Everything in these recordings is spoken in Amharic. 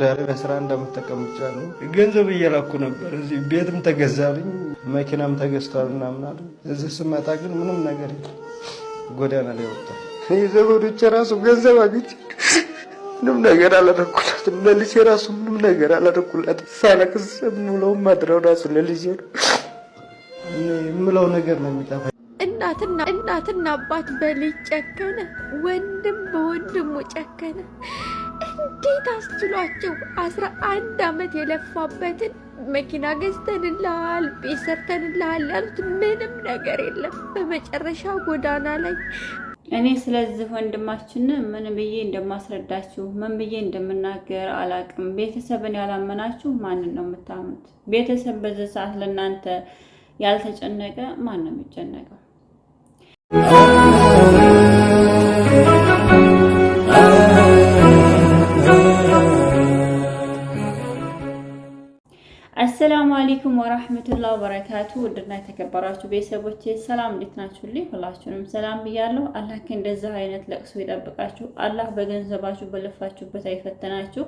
ዳሬ በስራ እንደምጠቀም ብቻለሁ። ገንዘብ እየላኩ ነበር። እዚህ ቤትም ተገዛልኝ፣ መኪናም ተገዝቷል ምናምን አሉ። እዚህ ስመጣ ግን ምንም ነገር ጎዳና ላይ ወጥቷል። የዘመዶቼ ራሱ ገንዘብ አግኝቼ ምንም ነገር አላደረኩላትም። ለልጄ ራሱ ምንም ነገር አላደረኩላትም። ሳለቅስ የምውለው ማድረው ራሱ ለልጄ ነው። የምለው ነገር ነው የሚጠፋ እናትና እናትና አባት በልጅ ጨከነ፣ ወንድም በወንድሙ ጨከነ። እንዴት አስችሏቸው አስራ አንድ አመት የለፋበትን መኪና ገዝተንልሃል፣ ቤት ሰርተንልሃል ያሉት ምንም ነገር የለም። በመጨረሻ ጎዳና ላይ እኔ ስለዚህ ወንድማችን ምን ብዬ እንደማስረዳችሁ ምን ብዬ እንደምናገር አላቅም። ቤተሰብን ያላመናችሁ ማንን ነው የምታምኑት? ቤተሰብ በዚህ ሰዓት ለእናንተ ያልተጨነቀ ማን ነው የሚጨነቀው? አለይኩም ወራህመቱላሂ ወበረካቱ ውድና የተከበራችሁ ቤተሰቦቼ ሰላም፣ እንዴት ናችሁልኝ? ሁላችሁንም ሰላም ብያለሁ። አላህ ከእንደዚህ አይነት ለቅሶ ይጠብቃችሁ። አላህ በገንዘባችሁ በለፋችሁበት አይፈተናችሁ።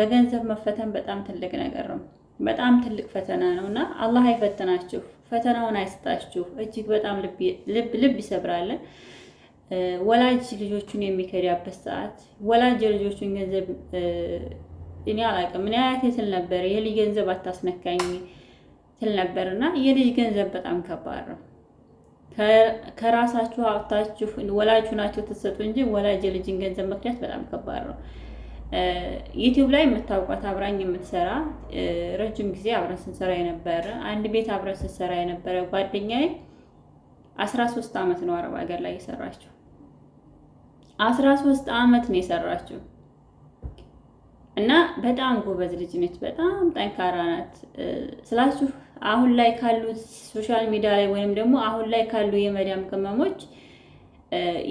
በገንዘብ መፈተን በጣም ትልቅ ነገር ነው፣ በጣም ትልቅ ፈተና ነው እና አላህ አይፈተናችሁ፣ ፈተናውን አይስጣችሁ። እጅግ በጣም ልብ ይሰብራለን። ወላጅ ልጆቹን የሚከዳበት ሰዓት፣ ወላጅ የልጆቹን ገንዘብ እኔ አላውቅም። ምን አያቴ ስል ነበር የልጅ ገንዘብ አታስነካኝ ስል ነበር። እና የልጅ ገንዘብ በጣም ከባድ ነው። ከራሳችሁ ሀብታችሁ ወላጁ ናቸው ትሰጡ እንጂ ወላጅ የልጅን ገንዘብ ምክንያት በጣም ከባድ ነው። ዩቲዩብ ላይ የምታውቋት አብራኝ የምትሰራ ረጅም ጊዜ አብረን ስንሰራ የነበረ አንድ ቤት አብረን ስንሰራ የነበረ ጓደኛዬ አስራ ሶስት አመት ነው አረብ ሀገር ላይ የሰራችው። አስራ ሶስት አመት ነው የሰራችው። እና በጣም ጎበዝ ልጅ ነች። በጣም ጠንካራ ናት ስላችሁ አሁን ላይ ካሉት ሶሻል ሚዲያ ላይ ወይም ደግሞ አሁን ላይ ካሉ የመዳም ቅመሞች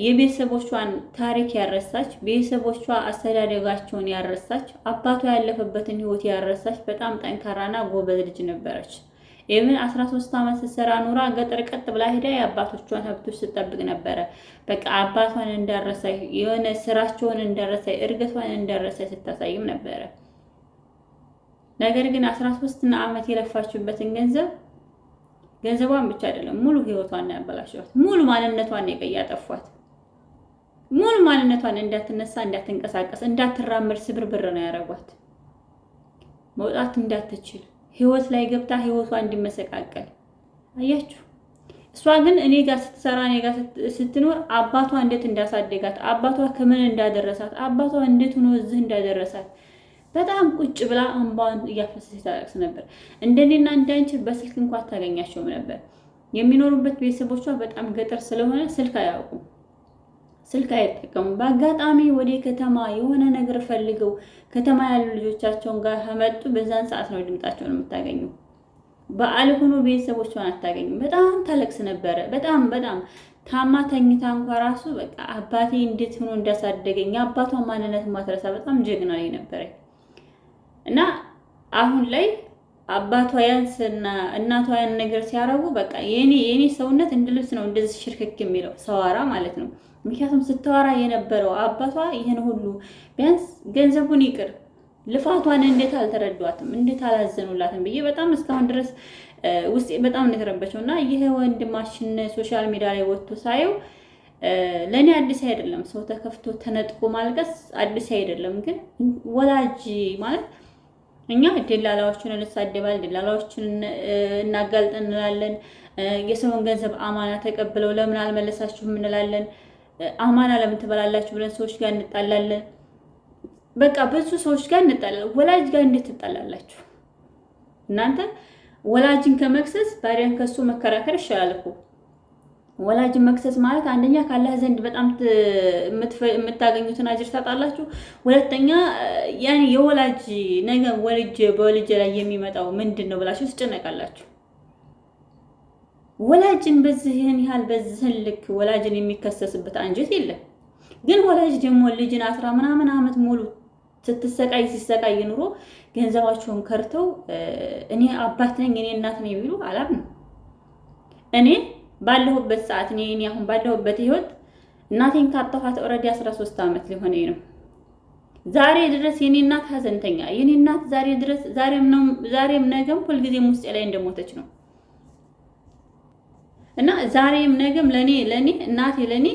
የቤተሰቦቿን ታሪክ ያረሳች፣ ቤተሰቦቿ አስተዳደጋቸውን ያረሳች፣ አባቷ ያለፈበትን ሕይወት ያረሳች በጣም ጠንካራና ጎበዝ ልጅ ነበረች። ይህምን 13 ዓመት ስትሰራ ኑራ ገጠር ቀጥ ብላ ሄዳ የአባቶቿን ሀብቶች ስጠብቅ ነበረ። በቃ አባቷን እንዳረሳ የሆነ ስራቸውን እንዳረሳ እርገቷን እንዳረሳ ስታሳይም ነበረ። ነገር ግን 13 ዓመት የለፋችሁበትን ገንዘብ ገንዘቧን ብቻ አይደለም ሙሉ ህይወቷን ያበላሸዋት፣ ሙሉ ማንነቷን ያጠፏት፣ ሙሉ ማንነቷን እንዳትነሳ፣ እንዳትንቀሳቀስ፣ እንዳትራመድ ስብርብር ነው ያደረጓት መውጣት እንዳትችል ህይወት ላይ ገብታ ህይወቷ እንዲመሰቃቀል አያችሁ። እሷ ግን እኔ ጋር ስትሰራ እኔ ጋር ስትኖር አባቷ እንዴት እንዳሳደጋት አባቷ ከምን እንዳደረሳት አባቷ እንዴት ሆኖ እዚህ እንዳደረሳት በጣም ቁጭ ብላ እንባን እያፈሰሰች ታለቅስ ነበር። እንደኔና እንዳንቺ በስልክ እንኳ ታገኛቸውም ነበር። የሚኖሩበት ቤተሰቦቿ በጣም ገጠር ስለሆነ ስልክ አያውቁም። ስልክ አይጠቀሙ በአጋጣሚ ወደ ከተማ የሆነ ነገር ፈልገው ከተማ ያሉ ልጆቻቸውን ጋር ከመጡ በዛን ሰዓት ነው ድምጣቸውን የምታገኙ። በዓል ሆኖ ቤተሰቦቿን አታገኙም። በጣም ታለቅስ ነበረ። በጣም በጣም ታማ ተኝታ እንኳ ራሱ በቃ አባቴ እንዴት ሆኖ እንዳሳደገኝ የአባቷን ማንነት ማትረሳ በጣም ጀግና ላይ ነበረኝ እና አሁን ላይ አባቷ ያንስና እናቷ ያን ነገር ሲያረጉ በቃ የኔ የኔ ሰውነት እንደ ልብስ ነው እንደዚህ ሽርክክ የሚለው ሰዋራ ማለት ነው። ምክንያቱም ስታወራ የነበረው አባቷ ይህን ሁሉ ቢያንስ ገንዘቡን ይቅር ልፋቷን እንዴት አልተረዷትም፣ እንዴት አላዘኑላትም ብዬ በጣም እስካሁን ድረስ ውስጤ በጣም ነገረበቸው እና ይህ ወንድማችን ሶሻል ሚዲያ ላይ ወጥቶ ሳየው ለእኔ አዲስ አይደለም። ሰው ተከፍቶ ተነጥቆ ማልቀስ አዲስ አይደለም። ግን ወላጅ ማለት እኛ ደላላዎችን እንሳደባል፣ ደላላዎችን እናጋልጥ እንላለን። የሰውን ገንዘብ አማና ተቀብለው ለምን አልመለሳችሁም እንላለን። አማና ለምን ትበላላችሁ ብለን ሰዎች ጋር እንጣላለን። በቃ ብዙ ሰዎች ጋር እንጣላለን። ወላጅ ጋር እንዴት ትጣላላችሁ እናንተ? ወላጅን ከመክሰስ ባሪያን ከሱ መከራከር ይሻላል እኮ ወላጅን መክሰስ ማለት አንደኛ ካላህ ዘንድ በጣም የምታገኙትን አጅር ታጣላችሁ። ሁለተኛ ያን የወላጅ ነገ ወልጅ በወልጅ ላይ የሚመጣው ምንድን ነው ብላችሁ ትጨነቃላችሁ። ወላጅን በዚህን ያህል በዚህን ልክ ወላጅን የሚከሰስበት አንጀት የለም። ግን ወላጅ ደግሞ ልጅን አስራ ምናምን አመት ሙሉ ስትሰቃይ ሲሰቃይ ኑሮ ገንዘባቸውን ከርተው እኔ አባት ነኝ እኔ እናት ነኝ ቢሉ አላምንም እኔ ባለሁበት ሰዓት እኔ እኔ አሁን ባለሁበት ህይወት እናቴን ካጣኋት ኦልሬዲ 13 ዓመት ሊሆነኝ ነው። ዛሬ ድረስ የኔ እናት ሀዘንተኛ፣ የኔ እናት ዛሬ ድረስ ዛሬም ነው ዛሬም ነገም ሁልጊዜም ውስጤ ላይ እንደሞተች ነው እና ዛሬም ነገም ለኔ ለኔ እናቴ ለኔ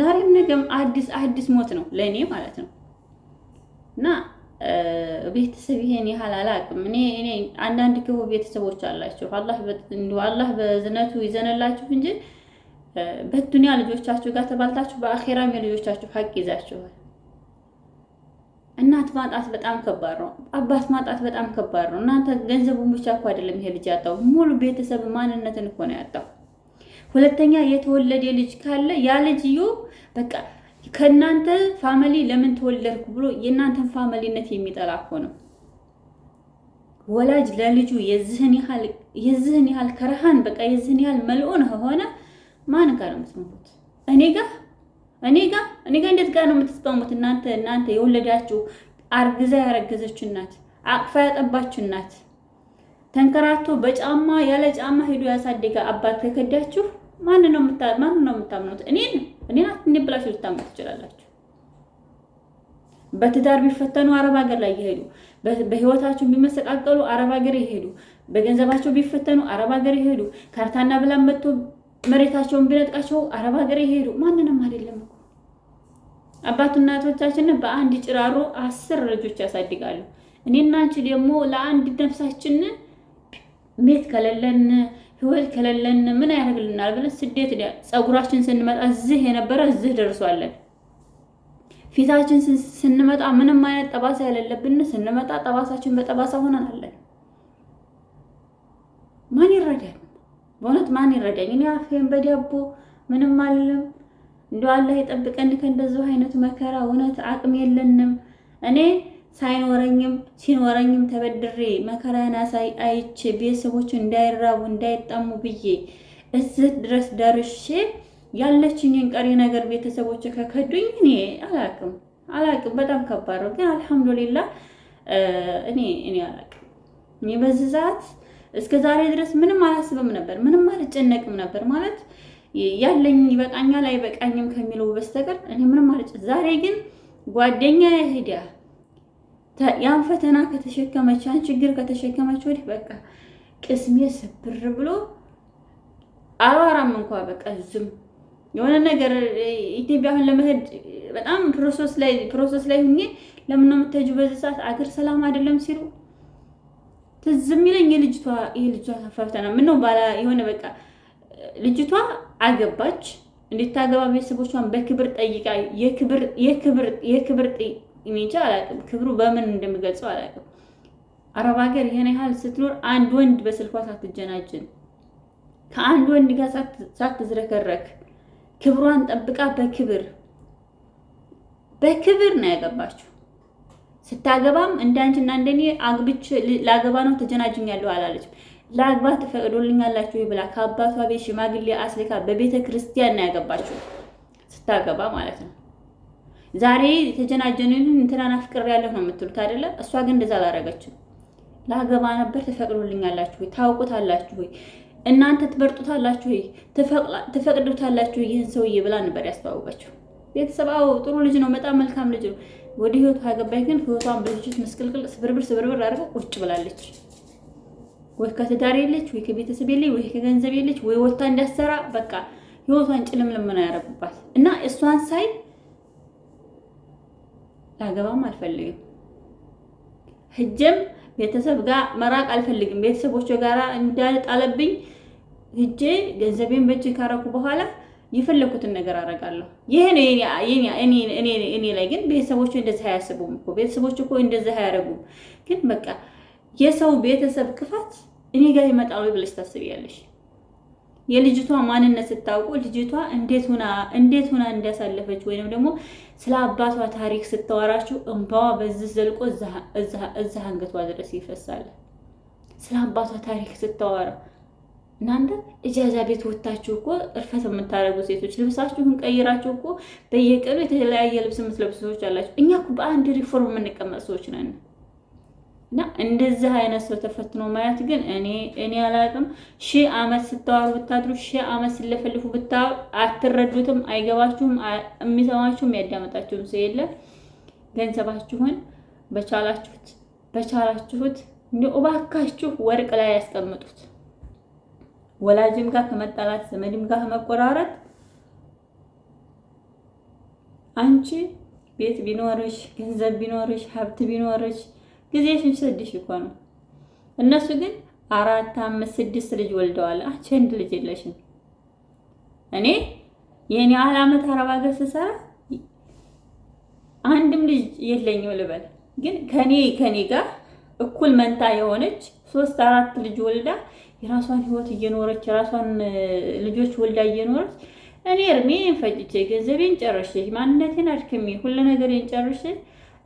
ዛሬም ነገም አዲስ አዲስ ሞት ነው ለኔ ማለት ነው እና ቤተሰብ ይሄን ያህል አላውቅም። እኔ እኔ አንዳንድ ክፉ ቤተሰቦች አላቸው። አላህ አላህ በዝነቱ ይዘንላችሁ እንጂ በዱንያ ልጆቻችሁ ጋር ተባልታችሁ በአኼራም የልጆቻችሁ ሀቅ ይዛችኋል። እናት ማጣት በጣም ከባድ ነው። አባት ማጣት በጣም ከባድ ነው። እናንተ ገንዘቡን ብቻ እኮ አይደለም ይሄ ልጅ ያጣው፣ ሙሉ ቤተሰብ ማንነትን እኮ ነው ያጣው። ሁለተኛ የተወለደ ልጅ ካለ ያ ልጅዩ በቃ ከእናንተ ፋሚሊ ለምን ተወለድኩ ብሎ የእናንተን ፋሚሊነት የሚጠላ እኮ ነው። ወላጅ ለልጁ የዚህን ያህል ከረሃን በቃ የዚህን ያህል መልኦን ከሆነ ማን ጋር ነው የምትስማሙት? እኔ ጋ እኔ ጋ እኔ እንዴት ጋር ነው የምትስማሙት? እናንተ እናንተ የወለዳችሁ አርግዛ ያረገዘችው እናት አቅፋ ያጠባችሁ እናት ተንከራቶ በጫማ ያለ ጫማ ሄዶ ያሳደገ አባት ከከዳችሁ ማን ነው የምታምኑት? እኔ እኔና አትንብ ብላችሁ ልታምኑ ትችላላችሁ። በትዳር ቢፈተኑ አረብ ሀገር ላይ ይሄዱ፣ በህይወታቸው ቢመሰቃቀሉ አረብ ሀገር ይሄዱ፣ በገንዘባቸው ቢፈተኑ አረብ ሀገር ይሄዱ፣ ካርታና ብላን መጥቶ መሬታቸውን ቢነጥቃቸው አረብ ሀገር ይሄዱ። ማንንም አይደለም እኮ አባቱ እናቶቻችንን በአንድ ጭራሮ አስር ልጆች ያሳድጋሉ። እኔና አንቺ ደግሞ ለአንድ ነፍሳችን ቤት ከሌለን ህይወት ከሌለን ምን ያደርግልናል ብለን ስደት ፀጉራችን ስንመጣ እዚህ የነበረ እዚህ ደርሷለን። ፊታችን ስንመጣ ምንም አይነት ጠባሳ የሌለብን ስንመጣ ጠባሳችን በጠባሳ ሆነን አለን። ማን ይረዳል? በእውነት ማን ይረዳኝ? እኔ አፌን በዳቦ ምንም አልልም። እንደው አላህ ይጠብቀን ከእንደዚሁ አይነቱ መከራ። እውነት አቅም የለንም እኔ ሳይኖረኝም ሲኖረኝም ተበድሬ መከራን አሳይ አይቼ ቤተሰቦች እንዳይራቡ እንዳይጣሙ ብዬ እዚህ ድረስ ደርሼ ያለችኝን ቀሪ ነገር ቤተሰቦች ከከዱኝ እኔ አላቅም አላቅም። በጣም ከባድ ነው፣ ግን አልሐምዱሊላ እኔ እኔ አላቅም። እኔ በዚህ ሰዓት እስከ ዛሬ ድረስ ምንም አላስብም ነበር፣ ምንም አልጨነቅም ነበር ማለት ያለኝ ይበቃኛል አይበቃኝም ከሚለው በስተቀር እኔ ምንም አልጨ ዛሬ ግን ጓደኛ ሄዳ ያን ፈተና ከተሸከመች ያን ችግር ከተሸከመች ወዲህ በቃ ቅስሜ ስብር ብሎ አላወራም እንኳ በቃ ዝም የሆነ ነገር ኢትዮጵያ አሁን ለመሄድ በጣም ፕሮሰስ ላይ ፕሮሰስ ላይ ሁኜ ለምን ነው የምትሄጂው በዚህ ሰዓት አገር ሰላም አይደለም ሲሉ ትዝ የሚለኝ የልጅቷ የልጅቷ ፈተና ምን ነው ባላ የሆነ በቃ ልጅቷ አገባች እንድታገባ ቤተሰቦቿን በክብር ጠይቃ የክብር የክብር የክብር ኢሜጃ አላውቅም፣ ክብሩ በምን እንደሚገልጸው አላውቅም። አረብ ሀገር ይሄን ያህል ስትኖር አንድ ወንድ በስልኳ ሳትጀናጅን ከአንድ ወንድ ጋር ሳትዝረከረክ ክብሯን ጠብቃ በክብር በክብር ነው ያገባችው። ስታገባም እንዳንችና እንደኔ አግብች ላገባ ነው ተጀናጅኛለሁ አላለችም። ለአግባ ትፈቅዶልኛላችሁ ብላ ከአባቷ ቤት ሽማግሌ አስልካ በቤተ ክርስቲያን ነው ያገባችው ስታገባ ማለት ነው። ዛሬ የተጀናጀንን እንትናን ያለሁ ነው የምትሉት አይደለ? እሷ ግን እንደዛ አላረገችም። ላገባ ነበር ትፈቅዱልኛላችሁ ወይ? ታውቁታላችሁ ወይ? እናንተ ትበርጡታላችሁ ወይ? ትፈቅዱታላችሁ ይህን ሰውዬ ብላ ነበር ያስተዋወቀችው። ቤተሰብ አዎ ጥሩ ልጅ ነው፣ በጣም መልካም ልጅ ነው። ወደ ህይወቱ አገባኝ ግን ህይወቷን ብልጅት ምስቅልቅል ስብርብር ስብርብር አድርገ ቁጭ ብላለች። ወይ ከትዳር የለች፣ ወይ ከቤተሰብ የለች፣ ወይ ከገንዘብ የለች፣ ወይ ወታ እንዳሰራ በቃ ህይወቷን ጭልምልም ነው ያደረጉባት እና እሷን ሳይ ላገባም አልፈልግም። ህጀም ቤተሰብ ጋር መራቅ አልፈልግም። ቤተሰቦች ጋር እንዳልጣለብኝ ህጄ ገንዘቤን በእጅ ካረኩ በኋላ የፈለኩትን ነገር አደርጋለሁ። ይሄ ነው እኔ ላይ ግን ቤተሰቦቹ እንደዚህ አያስቡም እኮ ቤተሰቦቹ እኮ እንደዚህ አያደርጉም። ግን በቃ የሰው ቤተሰብ ክፋት እኔ ጋር ይመጣሉ ብለሽ ታስቢያለሽ? የልጅቷ ማንነት ስታውቁ ልጅቷ እንዴት ሁና እንዳሳለፈች ወይም ደግሞ ስለ አባቷ ታሪክ ስታወራችሁ እንባዋ በዚህ ዘልቆ እዛ አንገቷ ድረስ ይፈሳል። ስለ አባቷ ታሪክ ስታወራ እናንተ እጃዛ ቤት ወታችሁ እኮ እርፈት የምታደርጉ ሴቶች ልብሳችሁን ቀይራችሁ እኮ በየቀኑ የተለያየ ልብስ የምትለብሱ ሰዎች አላችሁ። እኛ እኮ በአንድ ሪፎርም የምንቀመጥ ሰዎች ነን። እና እንደዚህ አይነት ሰው ተፈትኖ ማየት ግን እኔ እኔ አላቅም። ሺህ አመት ስታወሩ ብታድሩ፣ ሺህ አመት ስለፈልፉ ብታ አትረዱትም፣ አይገባችሁም፣ የሚሰማችሁም ያዳመጣችሁም ሰው የለ። ገንዘባችሁን በቻላችሁት በቻላችሁት እባካችሁ ወርቅ ላይ ያስቀምጡት። ወላጅም ጋር ከመጣላት ዘመድም ጋር ከመቆራረጥ አንቺ ቤት ቢኖርሽ ገንዘብ ቢኖርሽ ሀብት ቢኖርሽ ጊዜሽን ስድሽ እኮ ነው። እነሱ ግን አራት አምስት ስድስት ልጅ ወልደዋል። አንቺ አንድ ልጅ የለሽም። እኔ የኔ ያህል ዓመት አረብ ሀገር ስሰራ አንድም ልጅ የለኝም ልበል፣ ግን ከኔ ከኔ ጋር እኩል መንታ የሆነች ሶስት አራት ልጅ ወልዳ የራሷን ህይወት እየኖረች የራሷን ልጆች ወልዳ እየኖረች እኔ እድሜን ፈጭቼ ገንዘቤን ጨርሼ ማንነቴን አድክሜ ሁሉ ነገሬን ጨርሼ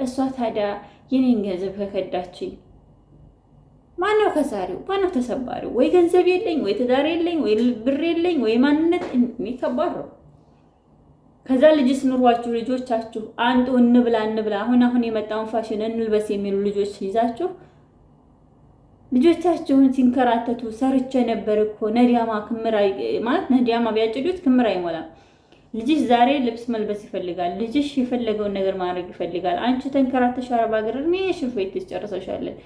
እሷ ታዲያ የኔን ገንዘብ ከከዳችኝ ማነው ከሳሪው? ማነው ተሰባሪው? ወይ ገንዘብ የለኝ ወይ ትዳር የለኝ ወይ ብር የለኝ ወይ ማንነት ከባድ ነው። ከዛ ልጅስ ኑሯችሁ ልጆቻችሁ አንጡ እንብላ እንብላ አሁን አሁን የመጣውን ፋሽን እንልበስ የሚሉ ልጆች ይዛችሁ ልጆቻችሁን ሲንከራተቱ ሰርቼ ነበር እኮ ነዲያማ ክምር ማለት ነዲያማ ቢያጭዱት ክምር አይሞላም። ልጅሽ ዛሬ ልብስ መልበስ ይፈልጋል። ልጅሽ የፈለገውን ነገር ማድረግ ይፈልጋል። አንቺ ተንከራተሽ አረብ ሀገር እድሜ ሽንፈት ትጨርሰሻለን።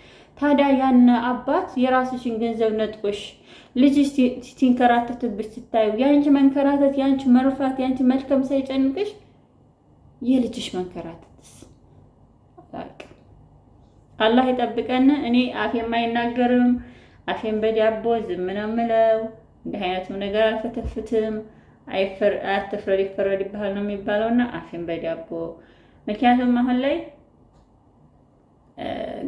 ታዲያ ያን አባት የራስሽን ገንዘብ ነጥቆሽ ልጅሽ ሲንከራተትብሽ ስታዩ የአንቺ መንከራተት፣ የአንቺ መርፋት፣ የአንቺ መልከም ሳይጨንቅሽ የልጅሽ መንከራተትስ አላህ ይጠብቀን። እኔ አፌም አይናገርም፣ አፌም በዳቦ ዝም ነው የምለው። እንዲህ አይነቱም ነገር አልፈተፍትም። አትፍረድ ይፈረድብሃል ነው የሚባለው። እና አፌን በዳቦ ምክንያቱም አሁን ላይ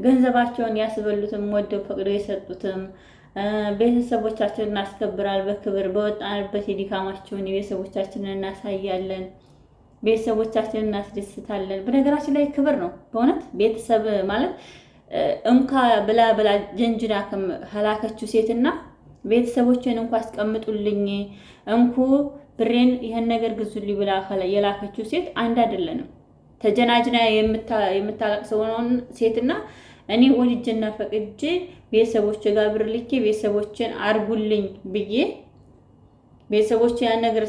ገንዘባቸውን ያስበሉትም ወደው ፈቅደው የሰጡትም ቤተሰቦቻችንን እናስከብራል በክብር በወጣንበት የድካማቸውን የቤተሰቦቻችንን እናሳያለን፣ ቤተሰቦቻችንን እናስደስታለን። በነገራችን ላይ ክብር ነው በእውነት ቤተሰብ ማለት እንኳ ብላ ብላ ጀንጅና ከላከችው ሴትና ቤተሰቦችን እንኳ አስቀምጡልኝ እንኩ ብሬን ይህን ነገር ግዙልኝ ብላ የላከችው ሴት አንድ አይደለንም። ተጀናጅና የምታለቅሰው ሴትና እኔ ወድጄና ፈቅጄ ቤተሰቦች ጋር ብር ልኬ ቤተሰቦችን አርጉልኝ ብዬ ቤተሰቦች ያን ነገር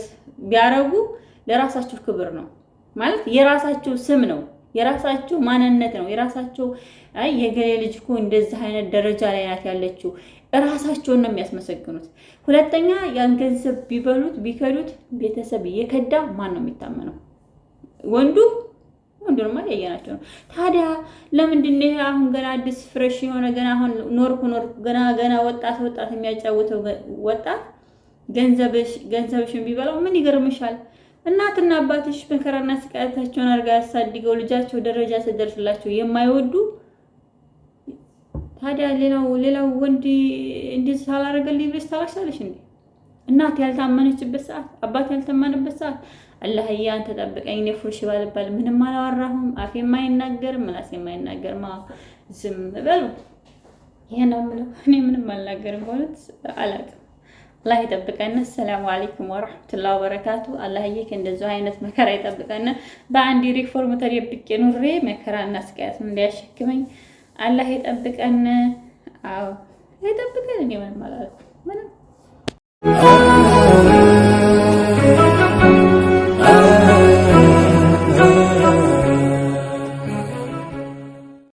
ቢያረጉ ለራሳችሁ ክብር ነው ማለት የራሳችሁ ስም ነው። የራሳቸው ማንነት ነው የራሳቸው። አይ የገሌ ልጅ እኮ እንደዚህ አይነት ደረጃ ላይ ናት ያለችው፣ ራሳቸውን ነው የሚያስመሰግኑት። ሁለተኛ ያን ገንዘብ ቢበሉት ቢከዱት ቤተሰብ እየከዳ ማን ነው የሚታመነው? ወንዱ ማለት ያየናቸው ነው። ታዲያ ለምንድን ነው አሁን ገና አዲስ ፍሬሽ የሆነ ገና አሁን ኖርኩ ኖርኩ ገና ገና ወጣት ወጣት የሚያጫውተው ወጣት ገንዘብሽ ገንዘብሽን ቢበላው ምን ይገርምሻል? እናትና አባትሽ መከራና ስቃያታቸውን አድርጋ ያሳድገው ልጃቸው ደረጃ ስደርስላቸው የማይወዱ ታዲያ ሌላው ሌላው ወንድ እንዴት ሳላረገልኝ ብለሽ ታላሻለሽ እንዴ? እናት ያልታመነችበት ሰዓት፣ አባት ያልተማነበት ሰዓት አላህ ያን ተጠብቀኝ። እኔ ፉርሽ ባልባል ምንም አላወራሁም፣ የማይናገር ምላስ የማይናገር ማ ዝም በሉ። ይሄ ነው የምለው። እኔ ምንም አልናገርም በእውነት አላውቅም። አላህ ይጠብቀን። ሰላም አለይኩም ወራህመቱላሂ ወበረካቱ። አላህዬ ከእንደዚህ አይነት መከራ ይጠብቀን። በአንድ ሪፎርም ተደብቄ ኑሬ መከራና ስቃያትን እንዳያሸክመኝ አላህ ይጠብቀን። አዎ ይጠብቀን። እኔ ምንም አላልኩም ምንም